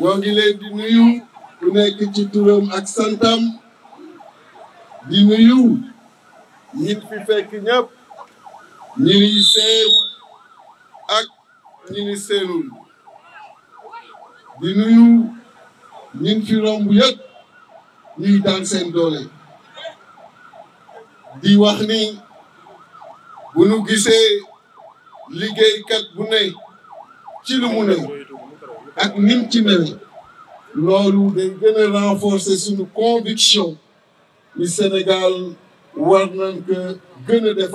ñoo ngi leen di nuyu ku nekk ci turam ak santam di nuyu ñit fi fekk ñëpp ñi seen ak ñi ni seenul di nuyu ñin fi romb yëpp ñuy daan seen doole di wax ni bu gisee liggéeykat bu ne ci lu mu new ak nim ci newee loolu day gën a conviction ni Sénégal war nañ ko gën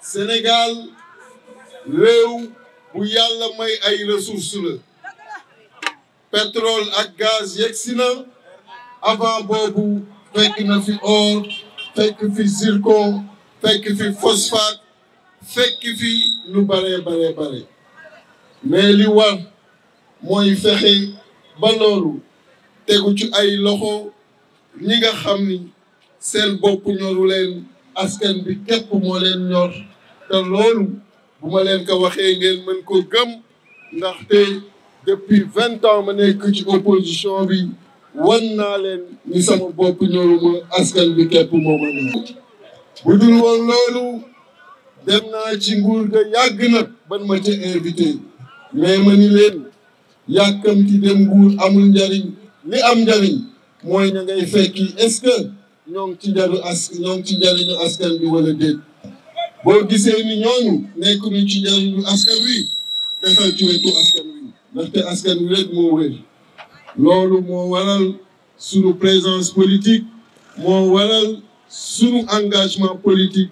Sénégal réew bu yàlla may ay ressources la pétrole ak gaz yegg si avant boobu fekk fi or fekk fi zircon fekk fi phosphate fekk fi lu bare bare bare mais li war mooy fexe ba loolu tegu ci ay loxo ñi nga xam ni seen bopp ñoru leen askan bi képp moo leen ñor te loolu bu ma leen ko waxee ngeen mën ko gëm ndaxte depuis vingt ans ma nekk ci opposition bi wan naa leen ni sama bopp ñoruma askan bi képp mooma na bu dul woon loolu dem naa ci nguur ga yàgg nag ban ma ca invité mais ma ni leen yàkkamti dem nguur amul njariñ li am njariñ mooy na ngay fekki est-ce que ñoo ngi ci njaru ñoo ngi ci njariñu askan bi wala déet boo gisee ni ñooñu nekk ñu ci njariñu askan wi defal ci wetu askan wi ndaxte askan wi rek moo wér loolu moo waral sunu présence politique moo waral sunu engagement politique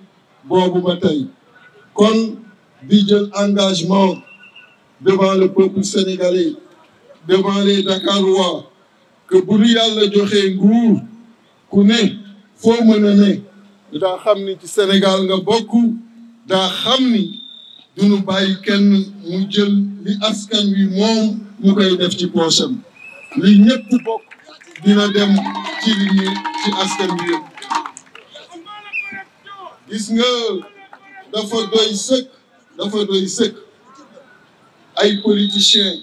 boobu ba tey kon di jël engagement devant le peuple sénégalais devant les Dakarois que bu ñu yàlla joxee nguur ku ne foo mën a ne daa xam ni ci Sénégal nga bokku daa xam ni duñu bàyyi kenn mu jël li askan wi moom mu koy def ci poosam li ñëpp bokk dina dem ci li ñu ci askan bi yëpp gis nga dafa doy sëkk dafa doy sëkk ay politiciens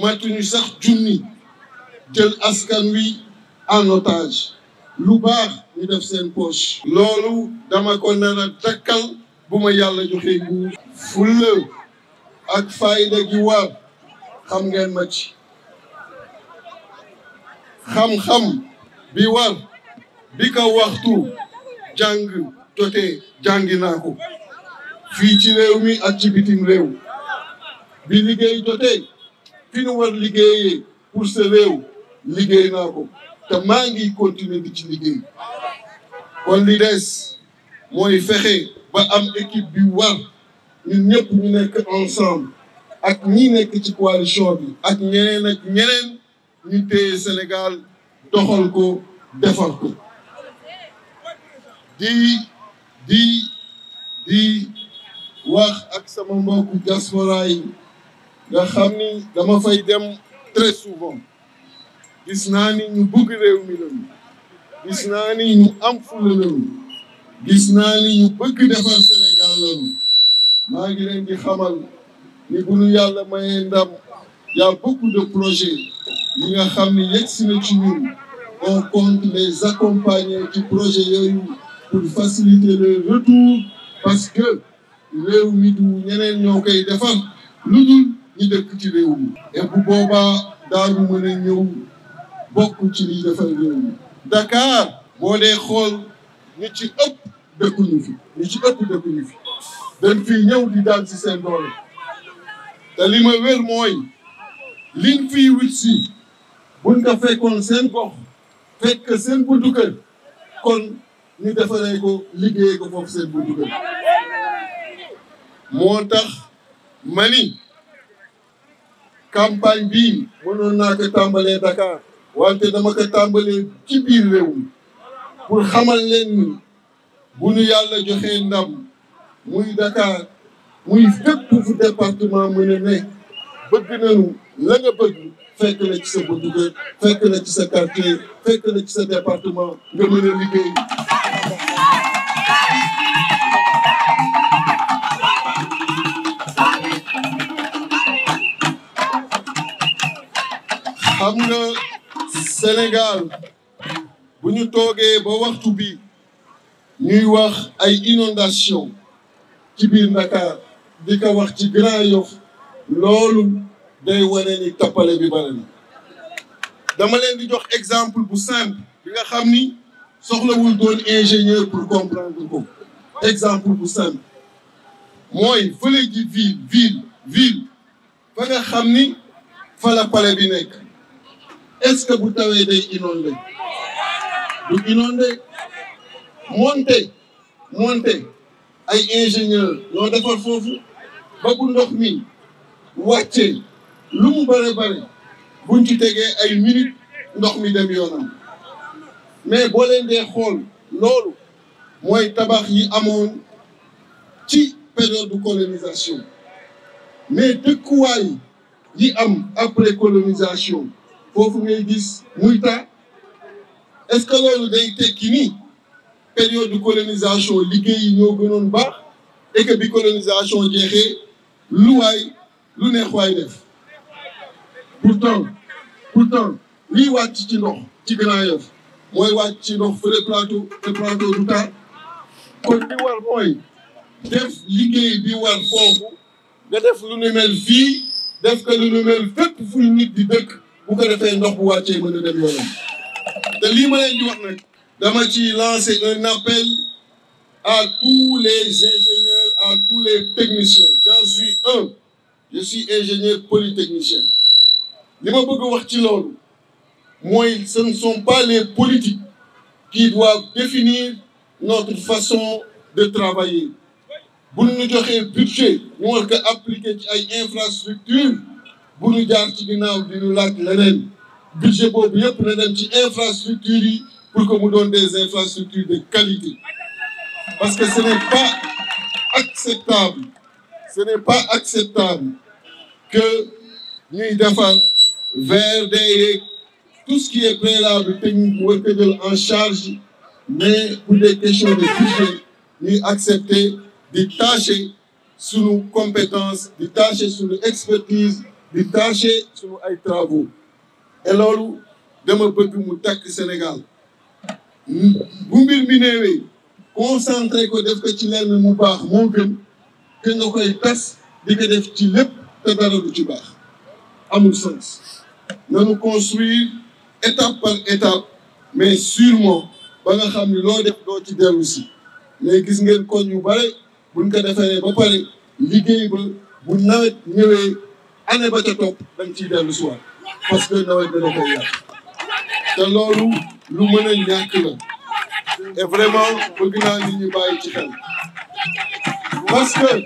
matuñu sax junni jël askan wi en otage lu baax ñu def seen poche loolu dama ko nar a dakkal bu ma yàlla joxe nguur fulla ak fayda gi war xam ngeen ma ci xam-xam bi war bi ka waxtu jàng jotee jàngi naa ko fii ci réew mi ak ci bitim réew bi liggéey jotee fi nu war liggéeyee pour sa réew liggéey naa ko te maa ngi continuer di ci liggéey kon li des mooy fexe ba am équipe bi war ñun ñëpp ñu nekk ensemble ak ñi nekk ci coalition bi ak ñeneen ak ñeneen ñu téye Sénégal doxal ko defar ko di di di wax ak sama mbokku diaspora yi nga xam ni dama fay dem très souvent gis naa ni ñu bëgg réew mi lañu gis naa ni ñu am fula lañu gis naa ni ñu bëgg defar Sénégal lañu maa ngi leen di xamal ni bu yàlla mayee ndam y a de projets yi nga xam ne yegg si na ci ñun on compte les ci projet yooyu pour faciliter le retour parce que réew mi du ñeneen ñoo koy defar lu dul ñu dëkk ci réew mi et bu boobaa daaru mën a ñëw bokk ci liy defar réew mi Dakar boo dee xool ñu ci ëpp dëkkuñu fi ñu ci ëpp dëkkuñu fi dañ fi ñëw di daan si seen doole te mooy liñ fiy wut buñ ko fekkoon seen gox fekk seen buntu kon ñu defaree ko liggéeyee ko foofu seen buntu kër moo tax ma ni campagne bii mënoon naa ko tàmbalee Dakar wante dama ko tàmbalee ci biir réew mi pour xamal yàlla joxee ndam muy Dakar muy fépp fu département mën a bëgg nañu la bëgg fekk la ci sa bunt fekk la ci sa quartier fekk la ci sa département nga mën liggéey. xam nga Sénégal bu ñu toogee ba waxtu bi ñuy wax ay inondation ci biir Dakar di ko wax ci Grand loolu. day wane ni tappale bi bare na dama leen di jox exemple bu simple bi nga xam ni soxlawul doon ingénieur pour comprendre ko exemple bu simple mooy fële ji ville ville ville xam ni fa la bi nekk est-ce que bu tawee day inondé du inondé monté monté ay ingénieur ñoo defar foofu ba bu ndox mi wàccee lu mu bëri bëri buñ ci tegee ay minutes ndox mi dem yoonam mais boo leen xool loolu mooy tabax yi amoon ci période de colonisation mais dëkkuwaay yi am après colonisation foofu ngay gis muy ta est-ce que loolu day tekki ni période de colonisation liggéey yi ñoo gënoon baax et bi colonisation jeexee lu waay lu neex waay def pour pour pourtant lii wàcc ci ndox ci Grand Yoff mooy wàcc ci ndox fële plateau te plateau du taa kon li war mooy def liggéey bi war foofu nga def lu nu mel fii def ko lu nu mel fépp fu nit di dëkk bu ko defee ndox bu wàccee mën a dem yoonam te lii ma leen di wax nag dama ci lancer un appel à tous les ingénieurs à tous les techniciens j'en suis un je suis ingénieur polytechnicien li ma bëgg wax ci loolu mooy ce ne sont pas les politiques qui doivent définir notre façon de travailler bu ñu joxee budget ñu war ko appliquer ci ay infrastructure bu ñu jaar ci ginnaaw di ñu laaj leneen budget boobu yëpp na dem ci infrastructure yi pour que mu doon des infrastructures de qualité parce que ce n'est pas acceptable ce pas acceptable que ñuy defar vers des tout ce qui est préalable technique war ko jël en charge mais pour des questions de budget ñuy accepter di tâcher sunu compétence di tâcher sunu expertise di tâcher sunu ay travaux et loolu dama bëgg mu takk Sénégal bu mbir mi néewee concentré ko def ko ci lenn mu baax moo gën que nga koy tas di ko def ci lépp te dara du ci baax amul sens nañu construire étape par étape mais sûrement ba nga xam ni loo def doo ci dellu mais gis ngeen koñ yu bare buñ ko defee ba pare liggéey ba bu nawet ñëwee année ba ca topp dañ ciy dellu si parce que nawet bi da koy yàq te loolu lu mën a ñàkk la et vraiment bëgg naa nit ñi ci xel parce que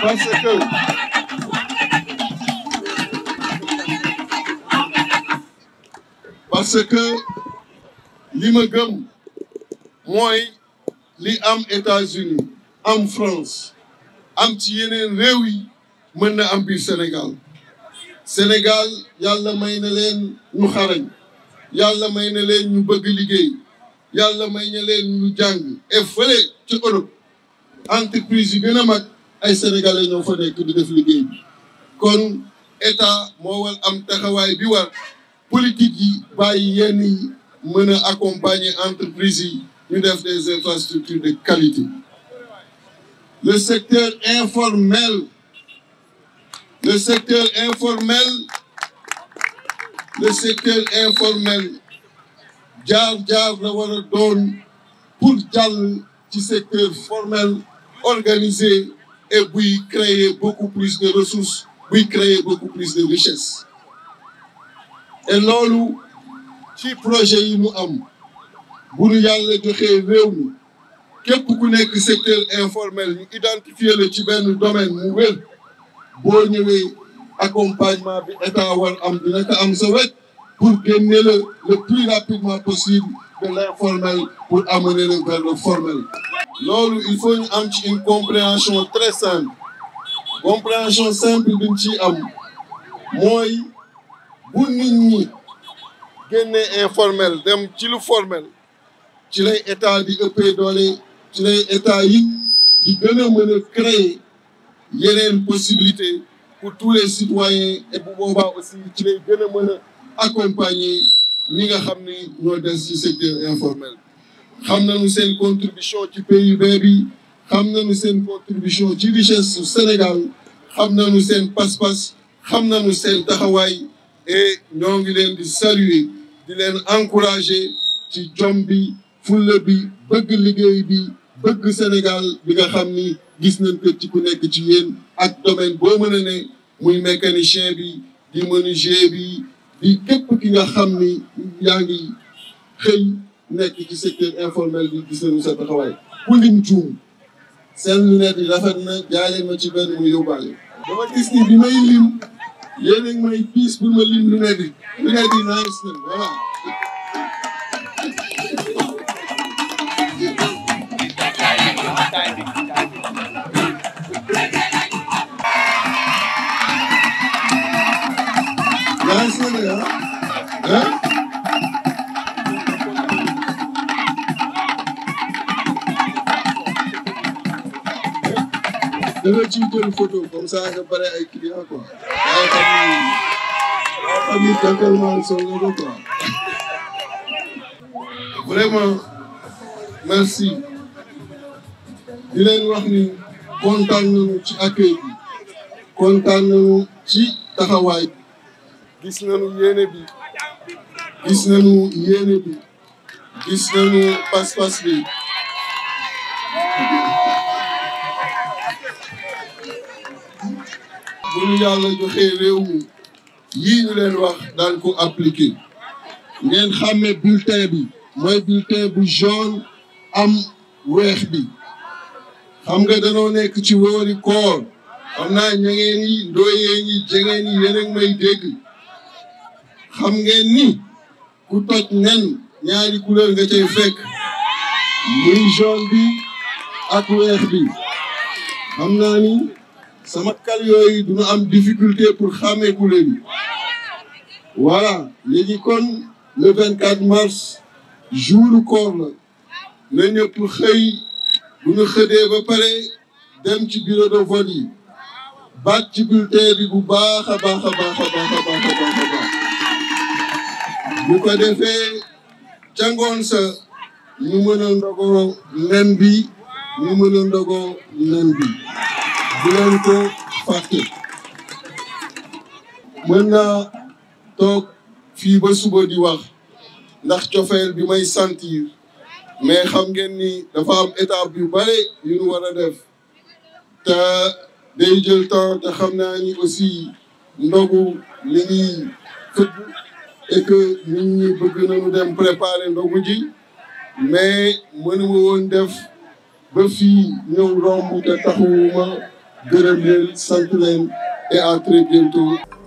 parce que parce que li ma mooy li am États-Unis am France am ci yeneen réew yi mën na am biir senegal Sénégal yàlla may na leen ñu xarañ yàlla may na leen ñu bëgg liggéey yàlla may na leen ñu jàng et fële ci Europe entreprise yu gën mag ay sénégalais ñoo fa nekk di def liggéey bi kon état moo war am taxawaay bi war politique yi bàyyi yenn yi mën a accompagner entreprise yi ñu def des infrastructures de qualité le secteur informel le secteur informel le secteur informel jaar-jaar la war a doon pour jàll ci secteur formel organisé et buy créer beaucoup plus de ressources buy créer beaucoup plus de richesse et loolu ci projet yi mu am bu ñu yàlla joxee réew mi képp ku nekk secteur informel ñu identifier le ci benn domaine mu wér boo ñëwee accompagnement bi état war am dina ko am sa wet pour génne la le plus rapidement possible de l'informel pour amener le vers formel loolu il faut ñu am ci une compréhension très simple compréhension simple bi ñu am mooy bu nit ñi génnee informel dem ci lu formel ci lay état di ëppee doole ci lay état yi di gën a créer yeneen possibilité pour tous les citoyens et bu boobaa aussi ci lay gën a mën a accompagner nga xam ni ñoo des ci secteur informel xam nañu seen contribution ci PIB bi xam na nu seen contribution ci richesse su Sénégal xam nañu seen pas-pas xam nañu seen taxawaay et ñoo ngi leen di saluer di leen encourager ci jom bi fulla bi bëgg liggéey bi bëgg Sénégal bi nga xam ni gis na ko ci ku nekk ci yéen ak domaine boo mën a ne muy mécanicien bi di menuisier bi di këpp ki nga xam ni yaa ngi xëy nekk ci secteur informel bi gis nañu sa taxawaay ku lim juum seen lunette yi rafet na jaaree ma ci benn mu yóbbaale dama gis ni bi may lim yéen a ngi may piis pour ma lim lu ne di lu ne di nice na voilà. nice na de ah ah. dama ciy jël photo comme ça nga bare ay clients quoi. famille Kankaroumaane Sow nga bokk vraiment merci di leen wax ni kontaan nañu ci accueil bi kontaan nañu ci taxawaay bi. gis nañu yéene bi gis nañu yéene bi gis nañu pas-pas bi. bu ñu yàlla joxee réew mi yii ñu leen wax daan ko appliquer ngeen xàmme bulletin bi mooy bulletin bu jaune am weex bi xam nga danoo nekk ci wóori koor xam naa ña ngeen yi ndooyeen yi jegeen yi yéen may dégg xam ngeen ni ku toj nen ñaari couleur nga cay fekk muy jaune bi ak weex bi xam naa ni sama kal yooyu duna am difficulté pour xàmmee ku leen voilà léegi kon le 24 mars jour koor la na ñëpp xëy bu ñu xëdee ba pare dem ci bureau de vote yi baat ci bulletin bi bu baax a baax a baax a baax a baax bu ko defee cangoon sa ñu mën a ndogoo nen bi ñu mën a ndogoo nen bi bu leen mën naa toog fii ba suba di wax ndax cofeel bi may sentir mais xam ngeen ni dafa am étape yu bare yu nu war a def te day jël temps te xam naa ni aussi ndogu li ñuy tëgg et que nit ñi bëgg nañu dem préparer ndogu ji mais mënuma woon def ba fii ñëw romb te taxuwuma gërëm leen sant leen et à très bientôt